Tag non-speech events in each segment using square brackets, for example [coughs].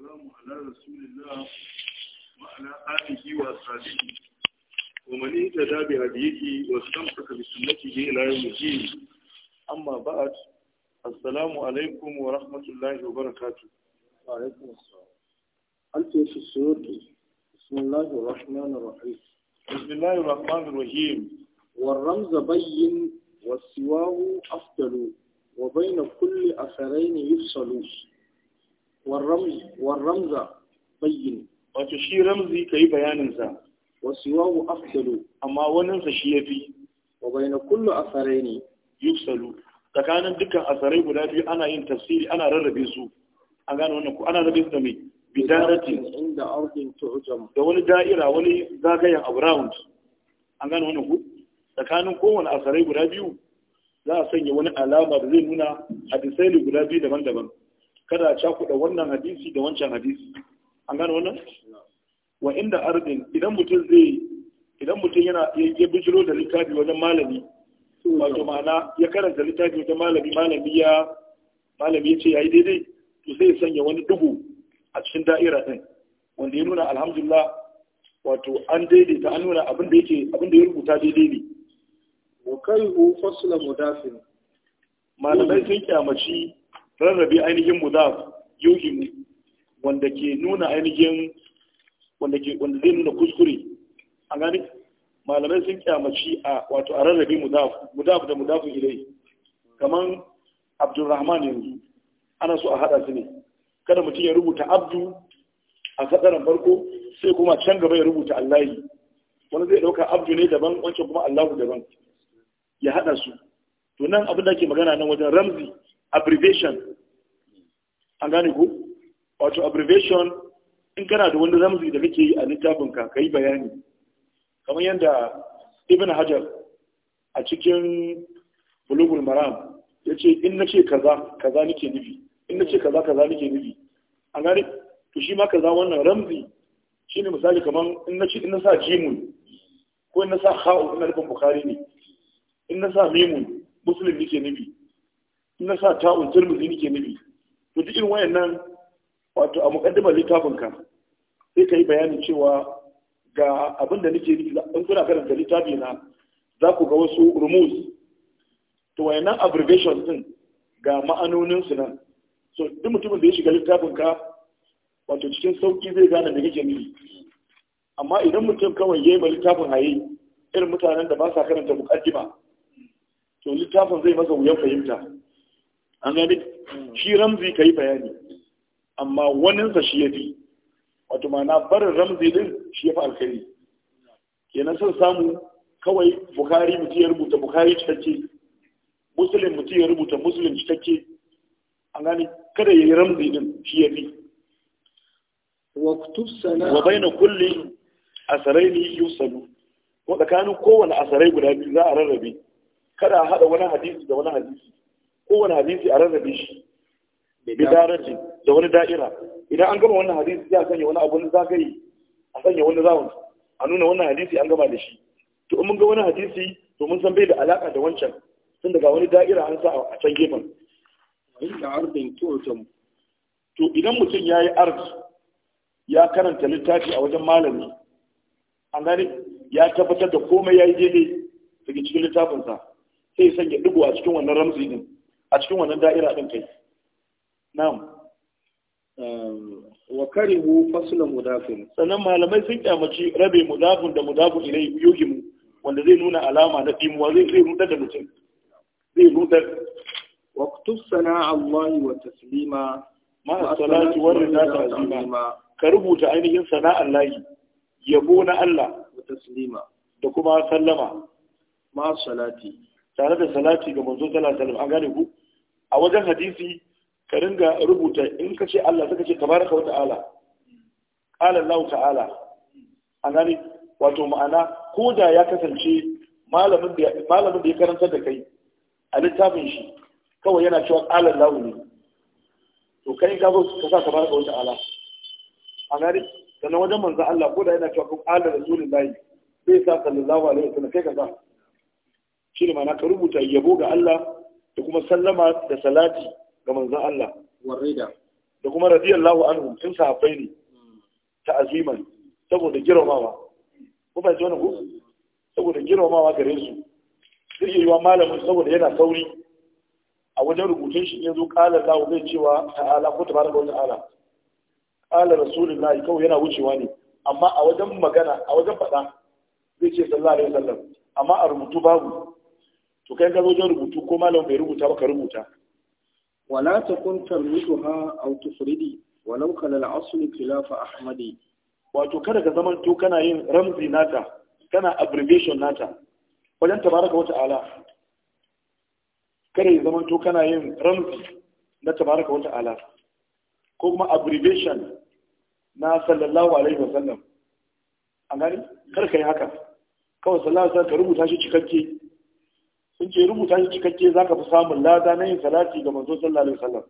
والسلام على رسول الله وعلى آله وصحبه ومن اهتدى بهديه واستمسك بسنته الى يوم الدين اما بعد السلام عليكم ورحمة الله وبركاته وعليكم السلام أنت في السوري بسم الله الرحمن الرحيم بسم الله الرحمن الرحيم والرمز بين والسواه أفضل وبين كل أثرين يفصلون warramza bayyin wato shi ramzi ka yi bayaninsa wasu wawu afdalu amma waninsa shi ya fi wa kullum kullu asarai ne yufsalu tsakanin dukkan asarai guda biyu ana yin tafsiri ana rarrabe su an gane wannan ku ana rarrabe su da mai bidaratin inda ardin tu'jam da wani da'ira wani zagayen abu round an gane wannan ku tsakanin kowane asarai guda biyu za a sanya wani alama da zai nuna hadisai guda biyu daban-daban kada a cakuɗa wannan hadisi da wancan hadisi an gane wannan wa inda ardin idan mutum zai idan mutum yana ya bijiro da littafi wajen malami wato ma'ana ya karanta littafi wajen malami malami ya malami ya ce ya yi daidai to sai ya sanya wani dubu a cikin da'ira din wanda ya nuna alhamdulillah wato an daidaita an nuna abin da yake abin da ya rubuta daidai ne wa kai fasla mudafin malamai sun kyamaci rarrabe ainihin mudaf yuhimu wanda ke nuna ainihin wanda ke wanda zai nuna kuskure a gani malamai sun kyamaci a wato a rarrabe mudaf mudaf da mudafu ilai kaman abdulrahman yanzu ana so a hada su ne kada mutum ya rubuta abdu a sadaran farko sai kuma can gaba ya rubuta allahi wani zai dauka abdu ne daban wancan kuma allahu daban ya hada su to nan abin da ke magana nan wajen ramzi abbreviation an gane ku wato abbreviation in kana da wani ramzi da kake yi a littafin ka kai bayani kamar yadda ibn hajar a cikin bulugul maram ya ce in na ce kaza kaza nake nufi in na ce kaza kaza nake nufi an gane to shi ma kaza wannan ramzi shine misali kamar in na in na sa jimun ko in na sa ha'u ina nufin bukhari ne in na sa mimun muslim nake nufi in na sa ta'un tirmidhi nake nufi to duk irin wayannan wato a mukaddimar littafin ka sai ka yi bayanin cewa ga abin da nake in kuna karanta littafi na za ku ga wasu rumus to wayannan abbreviation din ga ma'anonin su nan so duk mutumin da ya shiga littafin ka wato cikin sauki zai gane da kake nufi amma idan mutum kawai ya yi littafin haye irin mutanen da ba sa karanta mukaddima to littafin zai masa wuyan fahimta an gani shi ramzi ka yi bayani amma waninsa shi ya fi wato mana barin ramzi din shi ya fi alkhairi kenan son samu kawai bukari mutu ya rubuta bukari cikakke musulun mutu ya rubuta musulun cikakke an gani kada ya yi ramzi din shi ya fi wa kulle a sarai ne yusalu ko tsakanin kowane asarai guda biyu za a rarrabe kada a haɗa wani hadisi da wani hadisi kowane hadisi a rarrabe shi bidaraji da wani da'ira idan an gama wannan hadisi sai a sanya wani abu zagaye a sanya wani round a nuna wannan hadisi an gama da shi to mun ga wani hadisi to mun san bai da alaka da wancan tun daga wani da'ira an sa a can gefen to idan mutum ya yi arzi ya karanta littafi a wajen malami an gani ya tabbatar da komai ya yi daidai daga cikin littafinsa sai sanya digo a cikin wannan ramzi din a cikin wannan da'ira din kai na'am ehm, wa karihu fasla mudafin sannan malamai sun kyamaci rabe mudafin da mudafin ilai yuhimu wanda zai nuna alama na dimuwa zai zai rudar da mutum zai rudar waqtu sana'a Allah wa taslima ma salati wa rida ta'zima ka rubuta ainihin sana'ar layi, yabo na Allah wa taslima da kuma sallama ma salati tare da salati ga manzo sallallahu alaihi wasallam an gane ku a wajen hadisi ka ringa rubuta in ka ce Allah suka ce tabaraka wa ta'ala qala Allah ta'ala A gane wato ma'ana ko da ya kasance malamin da ya karanta da kai a littafin shi kawai yana cewa ala Allah ne to kai ka zo ka sa tabaraka wa ta'ala an gane sannan wajen manzo Allah ko da yana cewa qala layi. sai sa sallallahu alaihi wasallam kai ka sa shi ne ma'ana ka rubuta yabo ga Allah da kuma sallama da salati ga manzon Allah warida da kuma radiyallahu anhu sun sahabbai ne aziman saboda girmamawa ko ba jona ko saboda girmamawa gare su sai yi wa malamin saboda yana sauri a wajen rubutun shi yanzu kala lahu zai cewa ta'ala ko tabaraka wa ta'ala qala rasulullahi kawai yana wucewa ne amma a wajen magana a wajen faɗa zai ce sallallahu alaihi wasallam amma a rubutu babu kai ka zo wajen rubutu ko malam bai rubuta ba ka rubuta wala takun tarwiduha aw tufridi walau kala la'asun asl ahmadi wato kada ka zama to kana yin ramzi nata kana abbreviation nata wajen tabaraka wata ala kada ya zama to kana yin ramzi na tabaraka wata ala ko kuma abbreviation na sallallahu alaihi wa sallam an gani kar ka yi haka kawai sallallahu alaihi wa sallam ka rubuta shi cikakke sun ce rubuta shi cikakke za ka fi samun lada na yin salati ga manzo sallallahu alaihi wasallam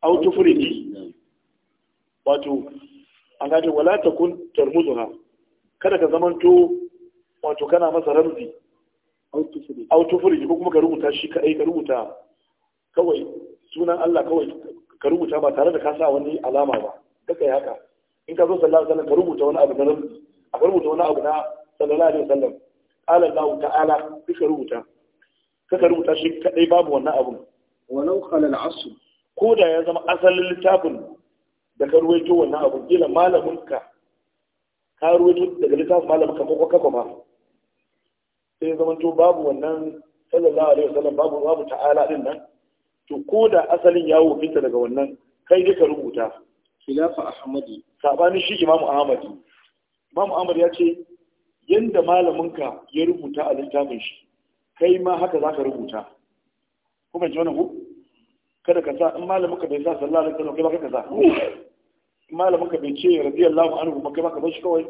auto tufridi wato an gaje wala kun tarmuzuna kada ka zamanto wato kana masa ramzi auto tufridi ko kuma ka rubuta shi ka eh, ka rubuta kawai sunan Allah kawai ka rubuta ba tare da ka sa wani alama ba kaka haka in ka zo sallallahu alaihi wasallam ka rubuta wani abu na ramzi a rubuta wani abu na sallallahu alaihi wasallam qala Allah ta'ala kika rubuta kaka rubuta shi kadai babu wannan abun walau khala al-asr ko da ya zama asalin littafin da ka ruwaito wannan abun kila malamin ka ruwaito daga littafin malamin ka ko kafa ma sai ya zama to babu wannan sallallahu alaihi wasallam babu babu ta'ala din nan to ko da asalin yawo fita daga wannan kai dai ka rubuta khilafa ahmadi sabani shi imam ahmadi imam ahmad ya ce yanda malaminka ya rubuta a littafin shi kai ma haka za ka rubuta kuma ji wani ku kada ka sa in malaminka bai sa sallallahu alaihi wasallam kai ba ka sa in malaminka bai ce radiyallahu anhu kuma kai ba ka bar shi kawai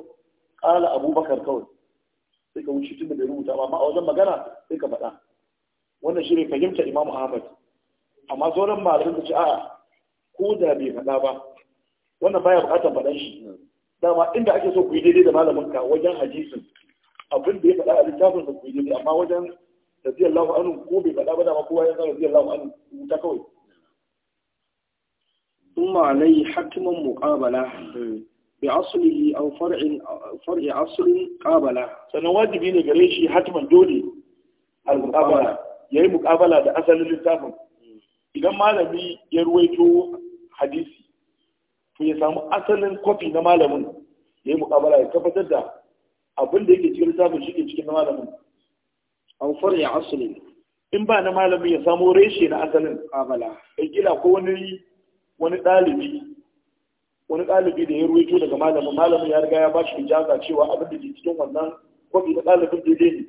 qala abubakar kawai sai ka wuce tunda bai rubuta ba amma a wajen magana sai ka faɗa wannan shi ne fahimta imamu ahmad amma sauran malamin ka ce a'a ko da bai faɗa ba wannan baya buƙatar faɗan shi dama inda ake so ku yi daidai da malamin ka wajen hadisin abin da ya faɗa a littafin sa ku yi daidai amma wajen radiyallahu anhu ko bai faɗa ba dama kowa ya san radiyallahu anhu ta kawai ثم عليه حكم مقابلة بأصله أو فرع فرع أصل قابلة سنواجب إلى جريشي حتما دولي المقابلة يهي مقابلة ده أصل الإسلام إذا ما لم يرويتو حديثي to ya samu asalin kwafi na malamin ya yi mukabala ya tabbatar da abinda yake cikin littafin shi ke cikin na malamin an fara ya asali in ba na malamin ya samu reshe na asalin abala ya gila ko wani wani ɗalibi wani ɗalibi da ya ruwaito daga malamin malamin ya riga ya ba shi ijaza cewa abin da ke cikin wannan kwafi na ɗalibin daidai ne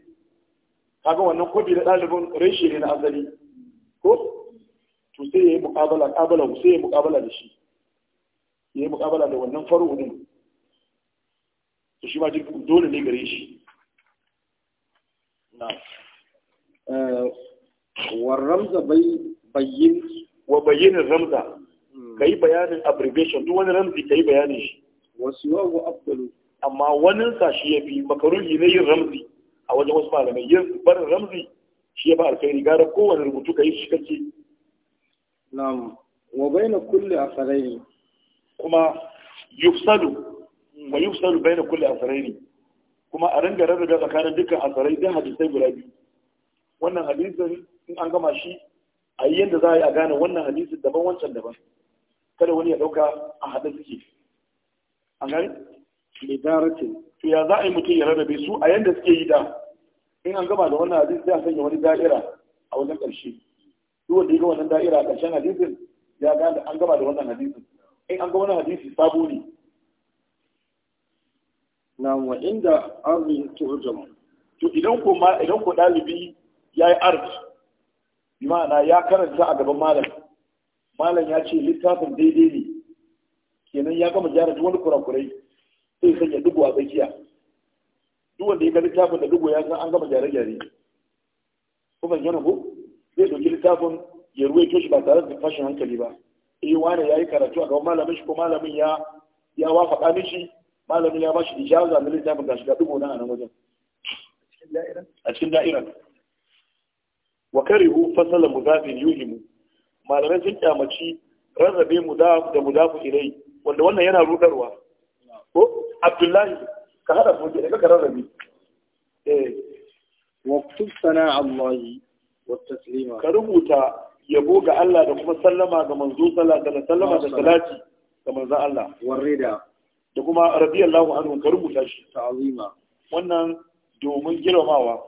kaga wannan kwafi na ɗalibin reshe ne na asali ko to sai ya yi mukabala kabala sai ya yi mukabala da shi ya yi mukabala da wannan faru din to shi ma dole ne gare shi na eh, bai bayyin wa bayyin ramza hmm. kai bayanin abbreviation duk wani ramzi kai bayanin shi wasu yawo abdalu amma wani sa shi ya fi makaruhi na yin ramzi a wajen wasu malamai yin barin ramzi shi ya fi alkhairi gara kowane rubutu ka yi shi kake na'am wa bayna kulli akharaini kuma yufsalu wa yufsalu bayna kulli asrayni kuma a ringa rarraba tsakanin dukkan asrayi da hadisai guda biyu wannan hadisin in an gama shi a yi yadda za a yi a gane wannan hadisin daban wancan daban kada wani ya dauka a haɗa suke an gani lidaratin to ya za a yi mutum ya rarrabe su a yadda suke yi da in an gama da wannan hadisin sai a sanya wani da'ira a wajen ƙarshe duk wanda ya ga wannan da'ira a ƙarshen hadisin ya gane an gama da wannan hadisin in an ga wani hadisi sabo ne na wa inda arzin turjama to idan ku ma idan ko dalibi yayi arz ma'ana ya karanta a gaban malam malam ya ce littafin daidai ne kenan ya gama jarabi wani kurakurai sai sanya dugu a tsakiya duk wanda ya ga littafin da dugu ya san an gama gyare-gyare ko yana zai ɗauki littafin ya ruwaito shi ba tare da fashin hankali ba eh wani ya yi karatu a gaban malamin shi ko malamin ya ya wafaka mishi malamin ya bashi ijaza da littafin gashi ga dubo nan a nan wajen a cikin da'ira wa karihu fasala mudafin yuhimu malamai sun kyamaci rarrabe mudaf da mudafu ilai wanda wannan yana rudarwa ko abdullahi ka hada su da ka rarrabe eh wa kutsana allahi wa taslima ka rubuta yabo ga Allah da kuma sallama ga manzo sallallahu sallama da salati ga manzo Allah warida da kuma radiyallahu anhu ka rubuta shi ta'zima wannan domin girmamawa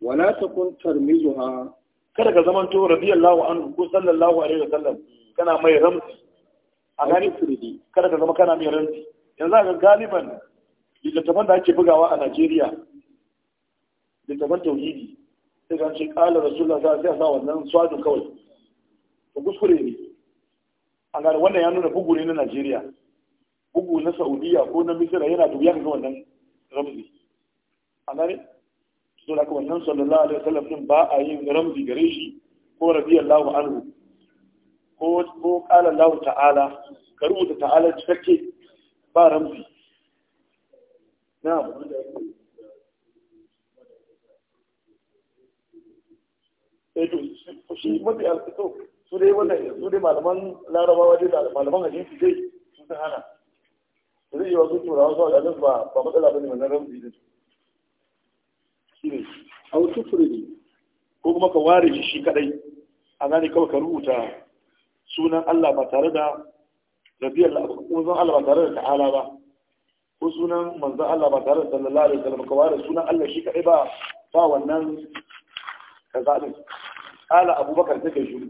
wala takun tarmizuha kada ka zaman to radiyallahu anhu ko sallallahu alaihi wasallam kana mai ramsi a gani turidi kada ka zama kana mai ramsi yanzu ga galiban littattafan da ake bugawa a Najeriya littattafan tauhidi sai ka ce kala rasulullah sai a sa wannan swadun kawai to kuskure ne an gane wannan ya nuna bugu ne na Najeriya bugu na Saudiya ko na Misira yana da wuya ga wannan ramzi an gane to da wannan sallallahu alaihi wasallam din ba a yin ramzi gare shi ko radiyallahu anhu ko ko kala Allah ta'ala ka rubuta ta'ala cikakke ba ramzi na'am eh to shi mafi alfito su dai wannan su dai malaman larabawa dai da malaman hadisi dai su ta hana Su zai yi wasu turawa su a ba ba matsala bane wannan ramzi din A ne au tufridi ko kuma ka ware shi shi kadai a gane kawai ka rubuta sunan Allah ba tare da rabiyar manzon Allah ba tare da ta'ala ba ko sunan manzan Allah ba tare da sallallahu alaihi wasallam ka ware sunan Allah shi kadai ba ba wannan kaza din kala abubakar take shuru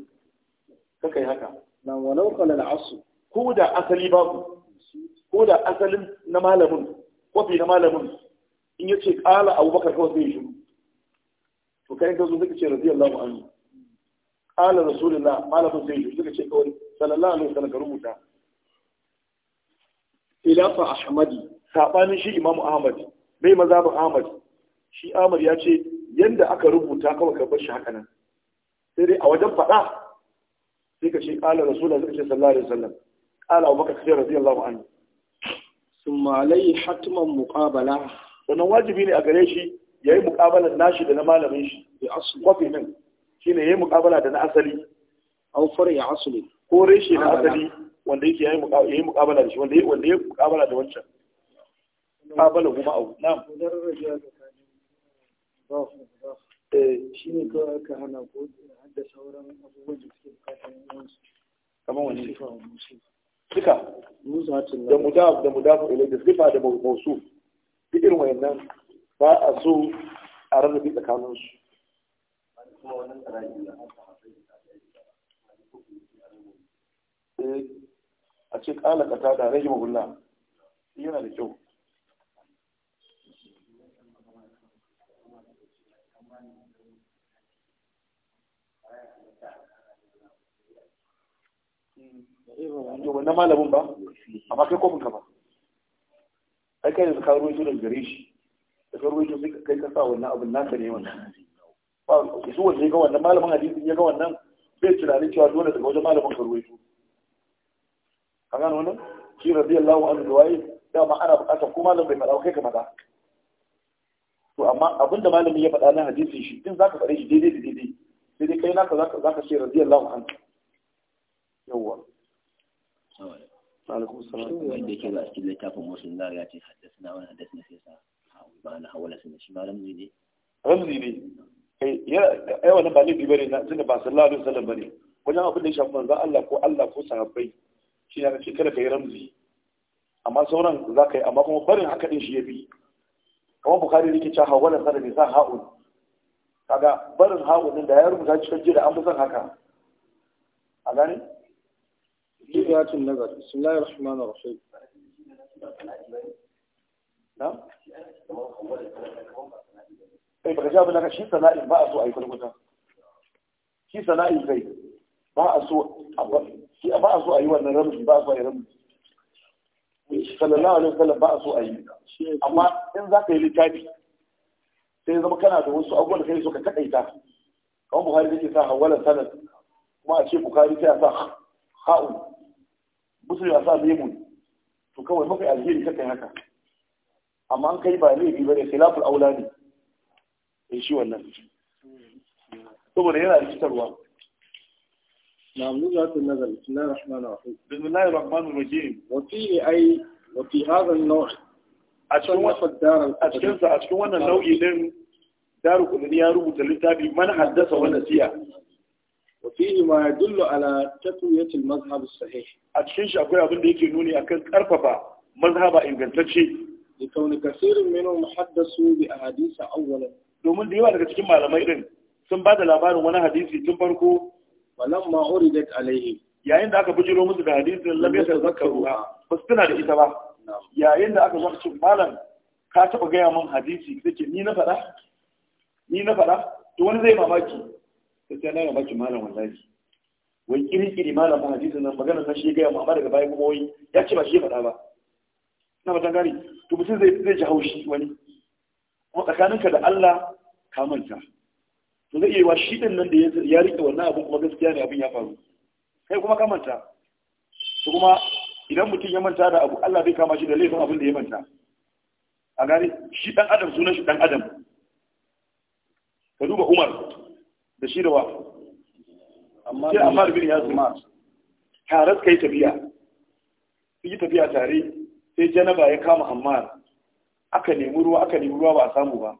kaka yi haka na walau kala al'asu ko da asali babu ko da asalin na malamin kofi na malamin in yace kala abubakar kawai sai shuru to kai ka zo zaka ce radiyallahu anhu kala rasulullah malamin sai shuru zaka ce kawai sallallahu alaihi wasallam ka rubuta khilafa ahmadi sabanin shi imamu ahmad bai mazhabin ahmad shi ahmad ya ce yanda aka rubuta kawai ka bar shi haka nan sai dai a wajen faɗa sai ka shi ƙala rasulun zai ce sallallahu alaihi wasallam ƙala wa baka kashe rasu yallahu an sun malayi hatiman muƙabala sannan wajibi ne a gare shi ya yi muƙabalar nashi da na malamin shi da asu kwafi nan shi ne ya yi muƙabala da na asali an fara ya ne ko reshe na asali wanda yake ya yi muƙabala da shi wanda ya yi muƙabala da wancan muƙabala kuma abu na shi ne kawai ka hana ko da sauran abubuwan da suke bukatar yawansu kamar wani suka da mudaf da mudaf ilai da sifa da mawsuf duk irin wayannan ba a so a rarrabe tsakanin su a ce kala kata da rage yana da kyau yau wannan malamin ba amma kai kofin ka ba ai kai da ka ruwaito da gare shi da ka ruwaito sai kai ka sa wannan abin naka ne wannan ba su wanda ya ga wannan malamin hadisi ya ga wannan bai tunanin cewa dole daga wajen malamin ka ruwaito an gano wannan shi radiyallahu anhu da waye dama ana bukatar ko malam bai faɗa kai ka faɗa to amma da malamin ya faɗa na hadisi shi din zaka faɗe shi daidai da daidai sai dai kai naka zaka zaka ce radiyallahu anhu yawwa alaikum salam wanda ba ne eh, ai ba laifi ba wajen abin da ya shafi manzon Allah ko Allah ko sahabbai shi ne ce kada kai ramzi amma sauran za ka yi amma kuma barin haka din shi ya bi kamar bukari yake cewa hawala sana bai sa ha'un kaga barin ha'un din da ya rubuta cikin jira an fi son haka a gani جزيات النظر بسم الله الرحمن الرحيم نعم kai baka shi sana'in ba a so a yi shi sana'in kai ba a so a yi wannan ba a so a yi ba amma in za yi littafi sai zama kana da wasu abubuwan da kai so ka takaita kawai buhari sa hawalan sanad kuma a ce bukari sai a sa ha'u musu ya sa lemu to kawai maka alheri ka kai haka amma an kai ba laifi ba ne sai lafi aula ne in eh, shi wannan saboda yana rikitarwa na za ta nazar bismillahir rahmanir rahim bismillahir rahmanir rahim wa fi ai wa fi hadha an-naw' a cikin wannan darar a cikin sa a cikin wannan nau'i din daru kullu ya rubuta littafi man haddasa wa nasiya وفيه ما يدل على تقوية المذهب الصحيح أتشين شاكوية أبن ديكي نوني أكل كرفبا مذهب إن قلتشي لكون كثير a حدثوا بأحاديث أولا domin da yawa daga cikin malamai din sun ba labarin wani hadisi tun farko walam ma uridat alaihi yayin da aka bijiro musu da hadisin lam ruwa ba su tuna da ita ba yayin da aka zo cikin malam ka taba gaya mun hadisi kace ni na fada ni na fada to wani zai yi mamaki gaskiya na ga bakin malam wallahi wai kirkiri malamin hadisin nan magana nan shi gaya mu amma daga baya kuma wai ya ce ba shi ya faɗa ba na matan gari to mutum zai zai ji haushi wani kuma tsakaninka da Allah ka manta to zai iya shi din nan da ya rike wannan abun kuma gaskiya ne abin ya faru kai kuma ka manta to kuma idan mutum ya manta da abu Allah bai kama shi da laifin abin da ya manta a gani shi dan adam sunan shi dan adam da shi da wa sai amma da bin ya zuma tare suka yi tafiya su yi tafiya tare sai janaba ya kama hammar aka nemi ruwa aka nemi ruwa ba a samu ba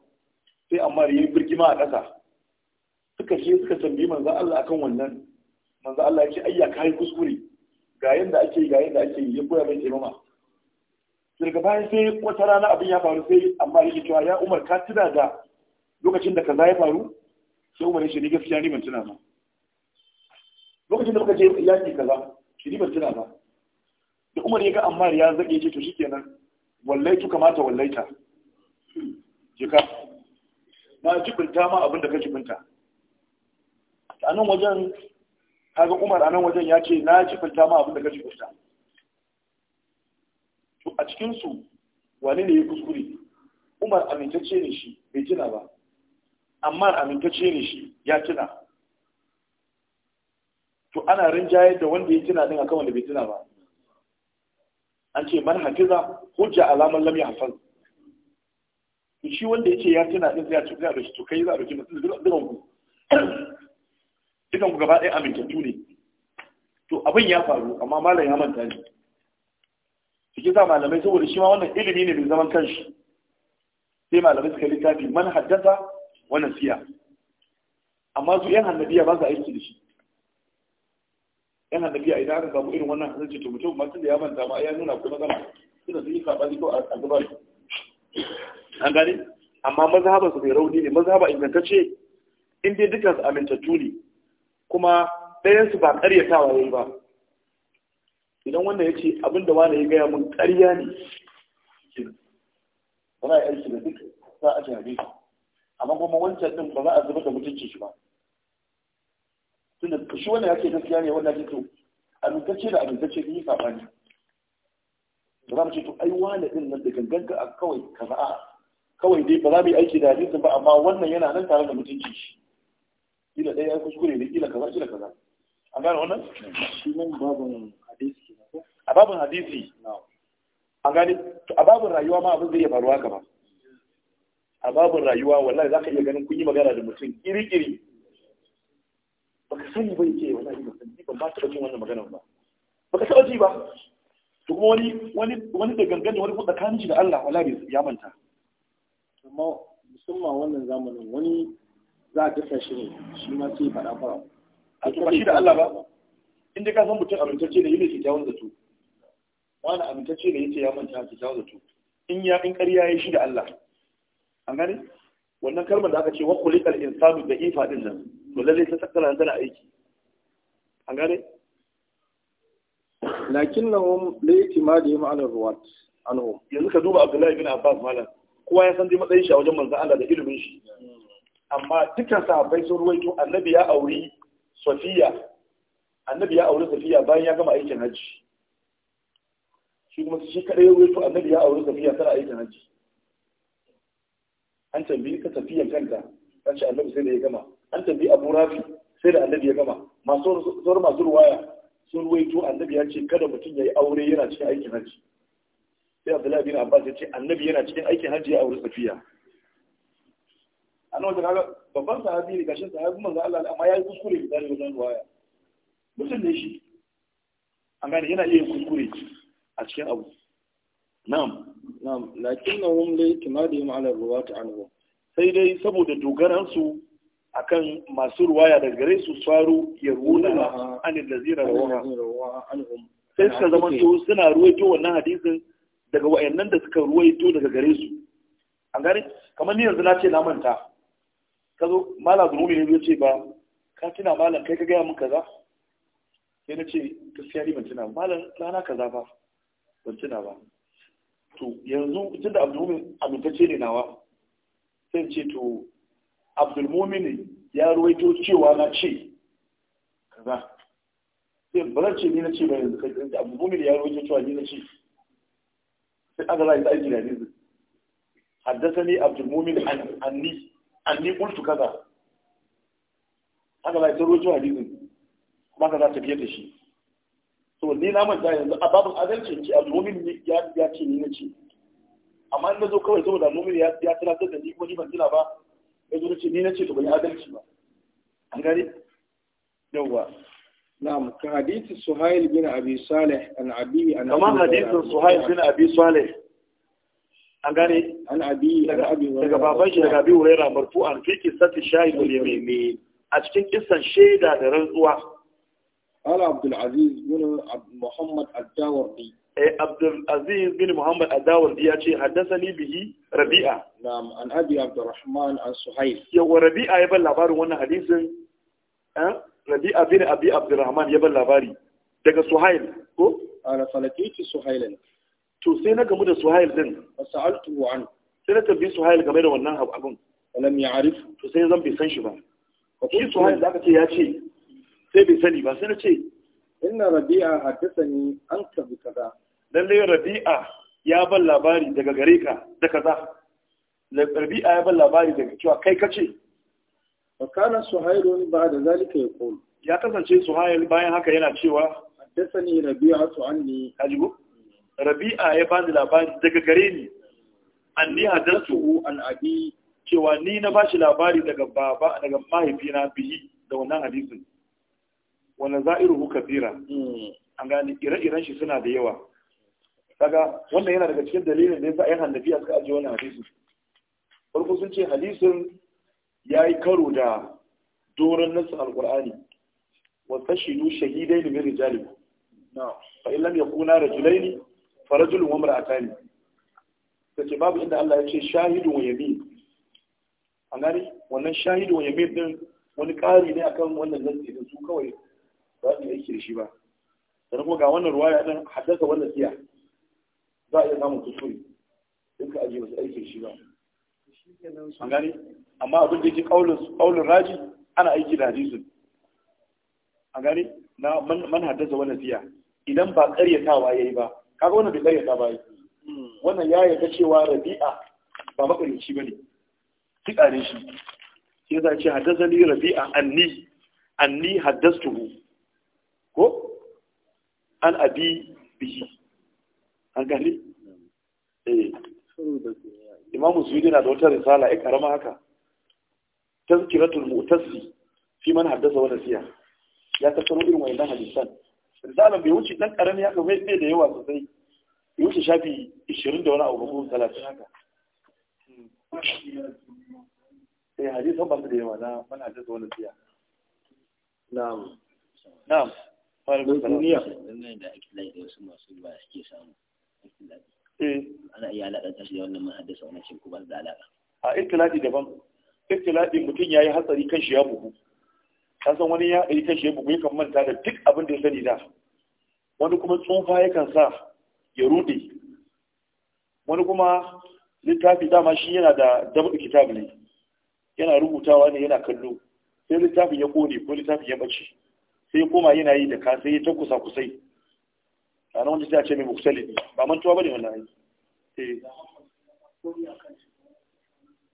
sai amma da ya yi birgima a ƙasa suka ce suka tambayi manzan Allah akan wannan manzan Allah ya ce ayya kayi kuskure ga yanda ake yi ga yanda ake yi ya koya mai taimama daga bayan sai wata rana abin ya faru sai amma ce cewa ya umar ka tuna da lokacin da kaza ya faru sai umar ya ce ni gaskiya ni ban tuna ba lokacin da muka je yaƙi kaza shi ni ban tuna ba da umar ya ga amma ya zage ce to shikenan tu kamata wallaita jika na jibinta ma abinda da ka jibinta a nan wajen kaga umar a nan wajen ya ce na jibinta ma abinda da ka jibinta to a cikinsu wani ne ya kuskure umar amintacce ne shi bai tuna ba amma amintacce ne shi ya tuna to ana rinjayar da wanda ya tuna din akan wanda bai tuna ba an ce man hafiza hujja alaman lam yahfaz to shi wanda yace ya tuna din sai ya tuka da shi to kai za a dauki mutum dukan ku [coughs] dukan ku gaba ɗaya amintattu ne to abin ya faru amma malam ya manta ne shi sa malamai saboda shi ma wannan ilimi ne mai zaman kanshi sai malamai suka littafi man haddasa wannan siya amma su yan hannabiya ba su aiki da shi yan hannabiya idan aka samu irin wannan hanzarci to mutum ma tunda ya manta ma ya nuna kuma matsala suna sun yi saɓani ko a gaba an gane amma mazhaba su mai rauni ne mazhaba ingantacce in dai dukkan su amintattu ne kuma ɗayan su ba ƙaryatawa yayi ba idan wanda ya ce abinda wani ya gaya mun ƙarya ne wani aiki da duk za a jihar amma kuma wancan din ba za a zuba da mutunci shi ba tunda shi wannan yake gaskiya ne wannan yake to amintacce da amintacce ni yi sabani da za mu ce to ai wani din nan da ganganka a kawai kaza a kawai dai ba za mu yi aiki da hadisin ba amma wannan yana nan tare da mutunci shi kila ɗaya ya kuskure ne kila kaza kila kaza an gane wannan shi nan babin hadisi a babin hadisi An gane a babin rayuwa ma abin zai iya faruwa haka ba a babin rayuwa wallahi za ka iya ganin kun yi magana da mutum iri-iri baka sani ba yake wallahi ba sani ba ba ta jin wannan maganar ba ka taɓa ji ba to kuma wani wani wani da gangane wani kuma tsakanin shi da Allah wallahi ya manta amma musamman wannan zamanin wani za a dasa shi ne shi ma sai faɗa fara a to shi da Allah ba in dai ka san mutum amintacce ne yake kyakkyawan zato wani amintacce ne yace ya manta kyakkyawan zato in ya in ƙarya yayi shi da Allah an gani wannan kalmar da aka ce wa kulikal insanu da ifa din nan to lalle ta tattara tana aiki an gane lakinnahum la yatimadihim ala ruwat anhum yanzu ka duba Abdullahi bin Abbas malam kowa ya san dai matsayin shi a wajen manzon Allah da ilimin shi amma dukkan sahabbai sun ruwaito annabi ya auri Safiya annabi ya auri Safiya bayan ya gama aikin hajji shi kuma shi kadai ya ruwaito annabi ya auri Safiya tana aikin hajji an tambi ka tafiyan kanta, an ce annabi sai da ya gama an tambi abu rafi sai da annabi ya gama masu sauran masu ruwaya sun ruwaito annabi ya ce kada mutum ya yi aure yana cikin aikin hajji sai abdullahi bin abbas ya ce annabi yana cikin aikin hajji ya aure tafiya an wajen haka babban sahabi ne gashin sahabi manzo Allah amma ya yi kuskure da zai wajen ruwaya mutum ne shi an gane yana iya kuskure a cikin abu na'am na'am lakinnahum li timadihim ala ruwati anhu sai dai saboda dogaran su akan masu ruwaya daga gare su faru ya ruwa anil lazira rawaha anhum sai suka zama to suna ruwaito wannan hadisin daga wayannan da suka ruwaito daga gare su an gare kamar ni yanzu na ce na manta ka zo mala zurumi ne ce ba ka tuna malam kai ka gaya min kaza sai na ce gaskiya ni ban tuna malam rana kaza ba ban tuna ba to yanzu tunda abdulmumin amintacce ne nawa sai ce to abdulmumin ya ruwaito cewa na ce kaza sai ba ce ni na ce ba yanzu kai da abdulmumin ya ruwaito cewa ni na ce sai aka zai aiki da ni haddasani abdulmumin anni anni qultu kaza aka zai ruwaito hadisin kuma kaza tafiye da shi so ni na manta yanzu a babin adalcin ce al-mumin ya ce ni ce amma in kawai saboda mumin ya ya tunatar da ni ko ni ban tuna ba ya zo ce ni na ce to ban adalci ba an gane ba. na'am ka hadisi suhail bin abi salih an abi ba. kamar hadisin suhail bin abi salih an gane an abi daga daga baban shi daga abi marfu marfu'an fi qissati shahid wal yamin a cikin kisan shaida da rantsuwa قال عبد العزيز بن محمد الداوردي اي عبد العزيز بن محمد الداوردي ياتي حدثني به ربيعه نعم عن ابي عبد الرحمن عن سهيل يو ربيعه يبل labarin wannan hadisin eh ربيعه بن ابي عبد الرحمن يبل labari daga suhail ko ana falakiti suhailan to sai na gamu da suhail din sa'altu an sai na tambayi suhail game da wannan abun lam ya'rif to sai zan bai san shi ba shi suhail ya ce sai bai sani ba sai na ce inna rabi'a haddasani an kaza kaza lalle rabi'a ya ban labari daga gare ka da kaza rabi'a ya ban labari daga cewa kai kace wa kana suhailun ba'da zalika yaqul ya kasance suhail bayan haka yana cewa Rabi'a rabi'atu anni ajibu rabi'a ya bani labari daga gare ni anni hadathu an abi cewa ni na bashi labari daga baba daga mahaifina bihi da wannan hadisin wanda za'iruhu kafira an gani ire-iren shi suna da yawa daga wannan yana daga cikin dalilin da yasa hannafi hannafiya suka ajiye wani hadisi farko sun ce hadisin ya yi karo da doron nasu alkur'ani wata shidu shahidai ne mai rijali fa in lam yakuna rajulaini ne rajulun wa ta ce babu inda Allah ya ce shahidun wa yamin a gani wannan shahidun wa yamin din wani ƙari ne akan wannan nasi din su kawai Ba su yi aiki da shi ba sannan kuma ga wannan ruwaya dan haddasa wannan siya za a iya samun kuskure duka aji ba su aiki da shi ba an gane, amma abin da yake ƙaunin raji ana aiki da hadisu an gane na man haddasa wannan siya idan ba ƙaryatawa ya yi ba kaga wannan bai ƙaryata ba wannan ya yarda cewa rabi'a ba makarici ba ne tiƙa ne shi sai za a ce haddasa ni rabi'a anni anni haddastuhu ko an abi bihi an gani eh imamu suyudi na da wata risala ya karama haka tazkiratul mu'tazzi fi man haddasa wa nasiya ya tattaro irin wayannan hadisan risalan bai wuce dan karami haka bai da yawa sosai bai wuce shafi 20 da wani abu ko 30 haka eh hadisan ba su da yawa na man haddasa wa nasiya na'am na'am duniya da ake lai masu eh. ana iya da da a ikhtilati daban ikhtilati mutum ya yi hatsari kan shi ya bugu ka san wani ya yi kan shi ya bugu yakan manta da duk abin da ya sani da wani kuma tsufa yakan sa ya rude wani kuma littafi dama shi yana da dabu kitab ne yana rubutawa ne yana kallo sai littafin ya kone ko littafin ya bace sai koma yana yi da ka sai ta kusa kusai a nan wanda sai a ce mai muktalibi ba mantuwa bane wannan aiki eh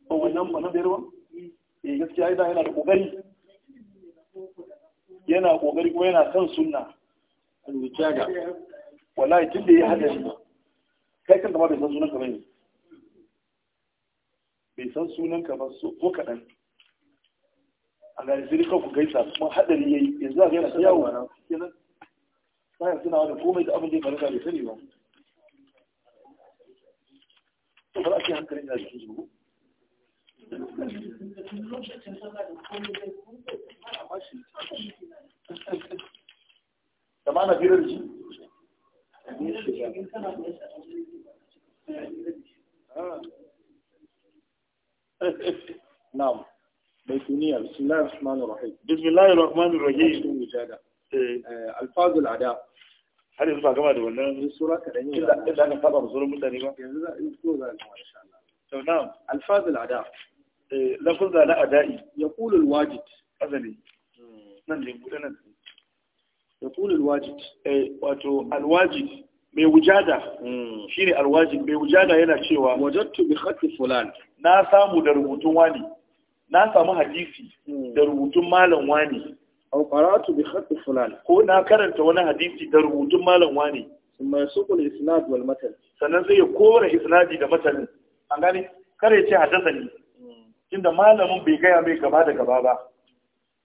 wannan wannan da ruwan eh gaskiya idan yana da kokari yana kokari kuma yana son sunna al-wijada wallahi tun da ya hadari kai kan da bai san sunan ka bane bai san sunan ka ba ko kaɗan. a ga yanzu kan ku gaisa kuma hadari yayi yanzu a ga yana yawo kenan baya suna da komai da abin da ya faru da bai sani ba to ba a ce hankalin da jikin jikin da ma na firar ji na'am بيتونية بسم الله الرحمن الرحيم بسم الله الرحمن الرحيم وجادة إيه. آه، ألفاظ الأداء هل ينفع كما دي ولا الصورة كدنيا إلا أنا خبر صورة متاني ما نعم ألفاظ العداء إيه، لفظ لا أدائي يقول الواجد أذني نعم يقول نعم. الواجد إيه، واتو الواجد بوجادة شيني الواجد بوجادة هنا wujada وجدت بخط فلان ناسا مدرمتواني na samu hadisi hmm. da rubutun malam wani aw qara'tu bi khatt fulan ko na karanta wani hadisi da rubutun malam wani thumma su kula isnad wal matan sannan zai kora isnadi da matanin an gane kare ce hadasani hmm. tunda malamin bai gaya mai gaba da gaba ba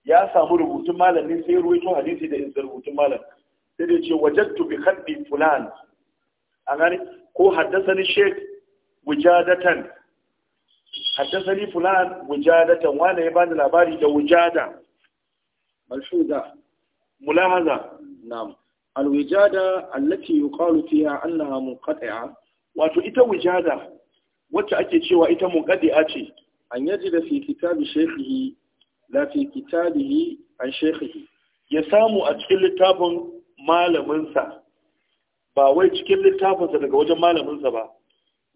ya samu rubutun malamin sai ruwaito hadisi da rubutun malam sai da ce wajadtu bi khatt fulan an gane ko haddasani shek wujadatan haddasani fulan wujadatan wanda ya bani labari da wujada malshuda mulahaza na'am alwijada allati yuqalu fiha annaha munqati'a wato ita wujada wacce ake cewa ita munqati'a ce an yajida fi kitabi shaykhihi la fi kitabihi an shaykhihi ya samu a cikin littafin malaminsa ba wai cikin littafinsa daga wajen malaminsa ba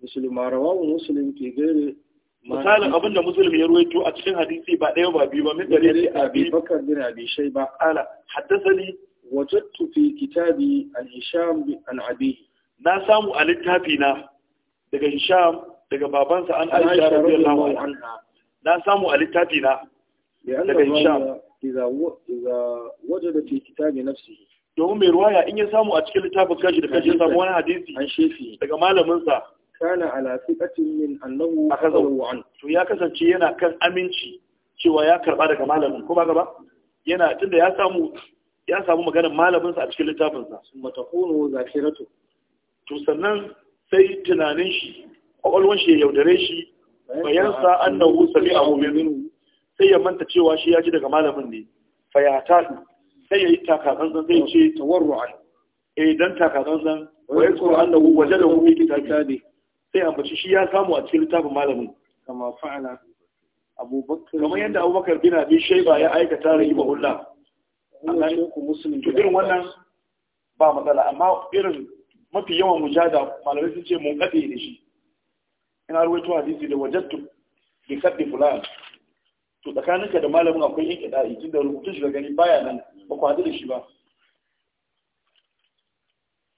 musulma rawahu muslim fi ghairi misalin abin da musulmi ya ruwaito a cikin hadisi ba ɗaya ba biyu ba min gare abi bakar bin abi shai ba ala ne wajen fi kitabi an hisham an abi na samu a littafi na daga hisham daga babansa an aisha radiyallahu anha na samu a littafi na daga hisham kitabi domin mai ruwaya in ya samu a cikin littafin kashi da kashi samu wani hadisi daga malaminsa. kana ala fiqatin min annahu akhadahu an to ya kasance yana kan aminci cewa ya karba daga malamin ko ba gaba yana tunda ya samu ya samu maganar malamin sa a cikin littafin sa summa takunu zakiratu to sannan sai tunanin shi kwakwalwan shi ya yaudare shi bayan sa annahu sami'ahu minhu sai ya manta cewa shi ya ji daga malamin ne fa ya ta sai ya yi takatsantsan zai ce tawarru'an eh dan takatsantsan wa yaqulu annahu wajadahu fi kitabi sai a ambaci shi ya samu a cikin littafin malamin kama fa'ala abubakar kamar yadda abubakar bin abi shaiba ya aikata rahimahullah Allah ne irin wannan ba matsala amma irin mafi yawan mujada malamai sun ce mun kaɗe da shi ina ruwaito hadisi da wajattu bi kaɗe fulani to tsakaninka da malamin akwai yin kiɗa ikin da rubutun shi ga gani baya nan ba ku haɗu da shi ba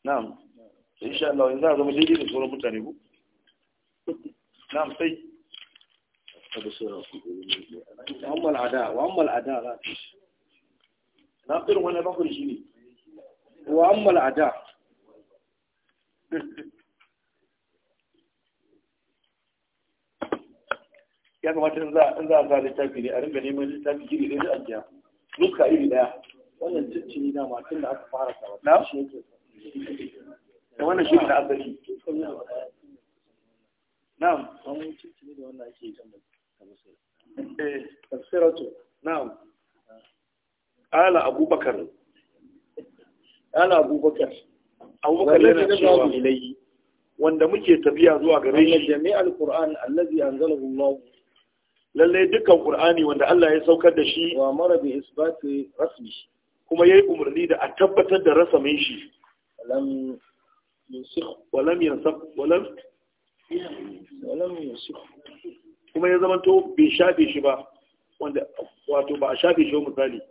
na'am insha Allah yanzu a zama daidai da sauran mutane ku na'am sai wa'ammal ada wa'ammal ada za ta shi na irin wani bakwai shi ne wa'ammal ada ya kamata in za a sa littafi ne a ringa neman littafi iri ɗaya da ajiya nuka iri ɗaya wannan cincin na matan da aka fara sa da wannan shi ne na asali na'am an ne da cewa wanda muke tafiya zuwa gare shi jami'al qur'an allazi anzalahu Allah lalle dukkan qur'ani wanda Allah ya saukar da shi wa mara bi isbati rasmi kuma yayi umarni da a tabbatar da rasamin shi yusakh lam yansakh lam kuma ya zama to bai shafe shi ba wanda wato ba a shafe shi misali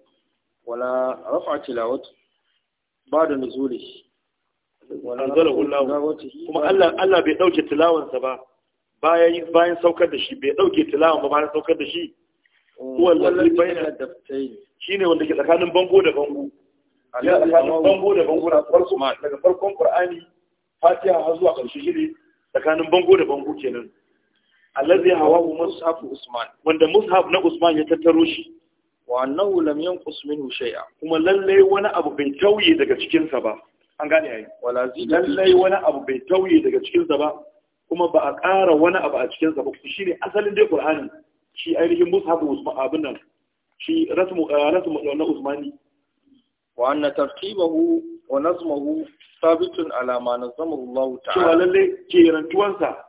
wala rafa tilawatu ba da nuzuli kuma Allah bai dauke tilawansa ba bayan bayan saukar da shi bai dauke tilawan ba bayan saukar da shi wallahi bayan shine wanda ke tsakanin bango da bango ya tsakanin bango da bango na farko daga farkon Qur'ani Fatiha har zuwa ƙarshe shi ne tsakanin bango da bango kenan allazi hawahu mushaf usman wanda mushaf na usman ya tattaro shi wa annahu lam yanqus minhu shay'a kuma lalle wani abu bai tauye daga cikin sa ba an gane yayi wala lalle wani abu bai tauye daga cikin sa ba kuma ba a ƙara wani abu a cikin sa ba shine asalin dai qur'ani shi ainihin mushaf usman abin nan shi rasmu rasmu na usmani wa anna tartibahu wa nazmuhu sabitun alama na zamanullahu ta'ala cewa lalle kerantuwansa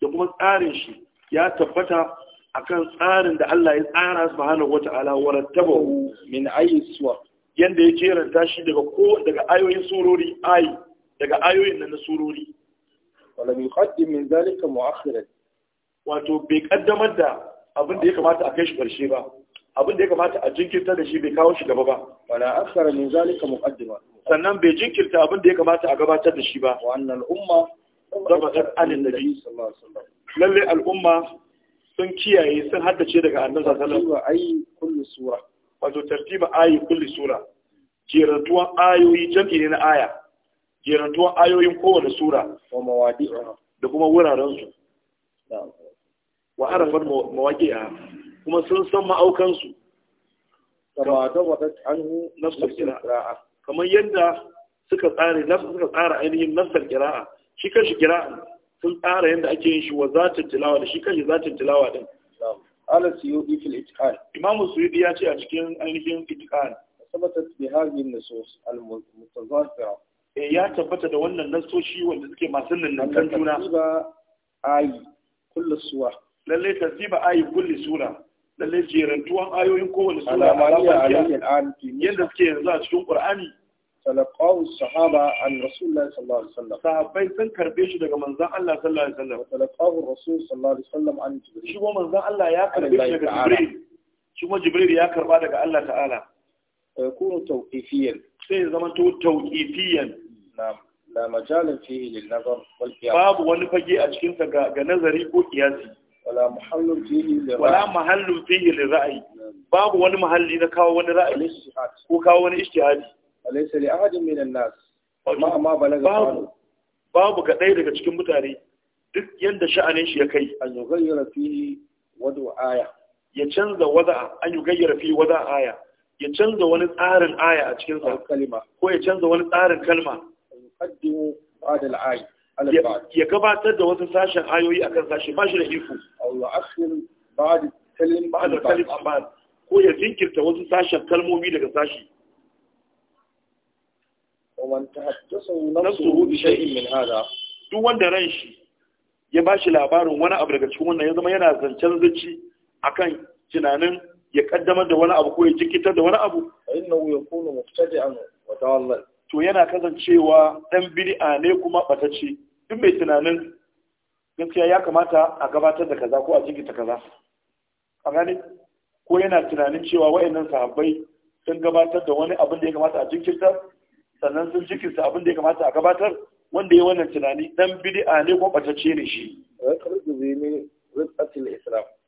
da kuma tsarin shi ya tabbata a kan tsarin da Allah ya tsara subhanahu wata'ala warattabahu min ayi suwa yanda ya keranta shi daga ko daga ayoyin surori ayi daga ayoyin nan na surori wala bi qaddim min zalika mu'akhiran wato bai kaddamar da abin da ya kamata a kai shi ƙarshe ba abin da ya kamata a jinkirta da shi bai kawo shi gaba ba wala akhara min zalika muqaddima sannan bai jinkirta abin da ya kamata a gabatar da shi ba wannan alin nabi lalle al'umma sun kiyaye sun haddace daga annabi sallallahu alaihi kulli sura wato tartiba ayi kulli sura jerantuwan ayoyi jam'i ne na aya jerantuwan ayoyin kowane sura wa da kuma wuraren su wa arafan mawaqi'a kuma sun san ma'aukan su kama tawadat anhu nafsul qira'a kamar yadda suka tsare nafsu suka tsara ainihin nasar kira'a shi shi kira'a sun tsara yadda ake yin shi wa zatin tilawa da shi shi zatin tilawa din ala suyudi fil itiqan imam suyudi ya ce a cikin ainihin itiqan tabbatat bi hadhihi an-nusus al-mutazahira eh, ya tabbata da wannan nasoshi wanda suke masu nannan juna ayi kullu suwa lalle tasiba ayi kulli sura lalle jerantuwan ayoyin kowane sura yadda suke yanzu a cikin ƙurani talaqahu sahaba an rasulullahi sallallahu alaihi wasallam sahabbai sun karbe shi daga manzon Allah sallallahu alaihi wasallam talaqahu rasul sallallahu alaihi wasallam an jibril shi kuma manzon Allah ya karbe shi daga jibril shi kuma jibril ya karba daga Allah ta'ala yakunu tawqifiyan sai ya zama to tawqifiyan na'am la fihi lin nazar wal qiyas babu wani fage a cikin ga nazari ko kiyasi wala mahallun fiye da ra'ayi babu wani mahalli na kawo wani ra'ayi ko kawo wani ijtihadi alaysa li ahadin min an-nas ma ma balaga babu babu ga ɗaya daga cikin mutane duk yanda sha'anin shi ya kai an yughayyara fihi wadu aya ya canza wada an yughayyara fihi wada aya ya canza wani tsarin aya a cikin sa kalma ko ya canza wani tsarin kalma yuqaddimu ba'da aya ya gabatar da wasu sashen ayoyi akan kan ba shi da iko Allah asmin ba'd kalim ko ya jinkirta wasu sashen kalmomi daga sashi ومن تحدثه نفسه بشيء من هذا duk wanda ran shi ya ba shi labarin wani abu daga cikin wannan ya zama yana zancen zaci akan tunanin ya kaddamar da wani abu ko ya jikitar da wani abu innahu ji an wata dallal to yana kasancewa ɗan bid'a ne kuma ɓatacce duk mai tunanin gaskiya ya kamata a gabatar da kaza ko a jinkita kaza a gane ko yana tunanin cewa wa'annan sahabbai sun gabatar da wani abin da ya kamata a jinkirta sannan sun jinkirta abin da ya kamata a gabatar wanda ya wannan tunani dan bid'a ne ko ɓatacce ne shi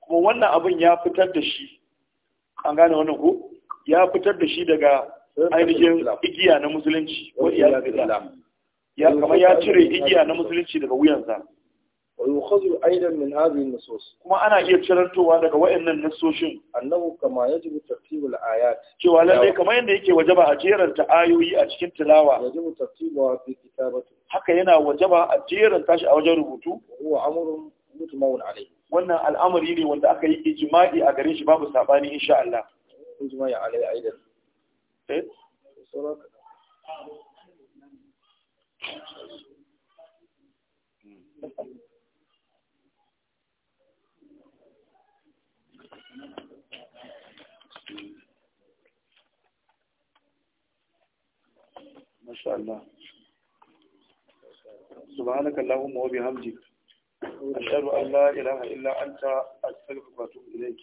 kuma wannan abin ya fitar da shi an gane wannan ko ya fitar da shi daga ainihin igiya na musulunci ya kama ya cire igiya na musulunci daga wuyansa kuma ana iya cirantowa daga waɗannan nassoshin annahu cewa lallai kamar yanda yake wajaba a jeranta ayoyi a cikin tilawa yajibu tartibuha haka yana wajaba a jeranta shi a wajen rubutu huwa amrun wannan al'amari ne wanda aka yi ijma'i a gare shi babu sabanin insha Allah إيه؟ ما شاء الله سبحانك اللهم وبحمدك أشهد أن لا إله إلا أنت أستغفرك وأتوب إليك